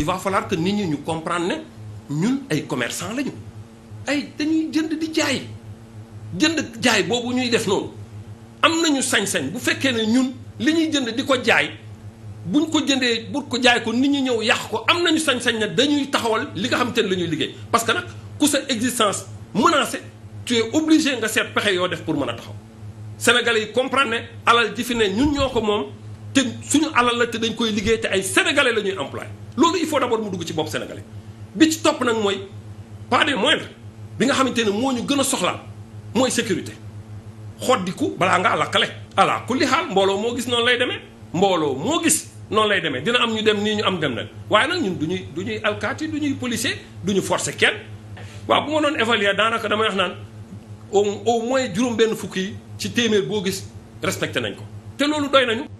il va que nit ñi ñu comprendre ne ñun ay commerçant lañu ay dañuy jënd di jaay jënd jaay boobu ñuy def noonu am nañu sañ-sañ bu fekkee ne ñun li ñuy jënd di ko jaay buñ ko jëndee bu ko jaay ko nit ñi ñëw yàq ko am nañu sañ-sañ ne dañuy taxawal li nga xam te ne la ñuy liggéey parce que nag ku sa existence menacée tu es obligé nga seet pexe yoo def pour mën a taxaw sénégalais yi comprendre ne alal ji fi ne ñun ñoo ko moom te suñu alal la te dañ koy liggéey te ay sénégalais la ñuy employé loolu il faut d'abord mu dugg ci bopp sénégalais bi ci topp nag mooy pas des moindres bi nga xamante ne moo ñu gën a soxlaal mooy sécurité xoddiku balaa ngaa lakkale ala kulli xaal mbooloo moo gis noonu lay demee mbooloo moo gis noonu lay demee dina am ñu dem nii ñu am dem nag waaye nag ñun du ñuy du ñuy alkaati du ñuy policier du ñu forcer kenn waaw bu ma doon évaluer daanaka damay wax naan au au moins juróom benn fukk ci téeméer boo gis respecté nañ ko te loolu doy nañu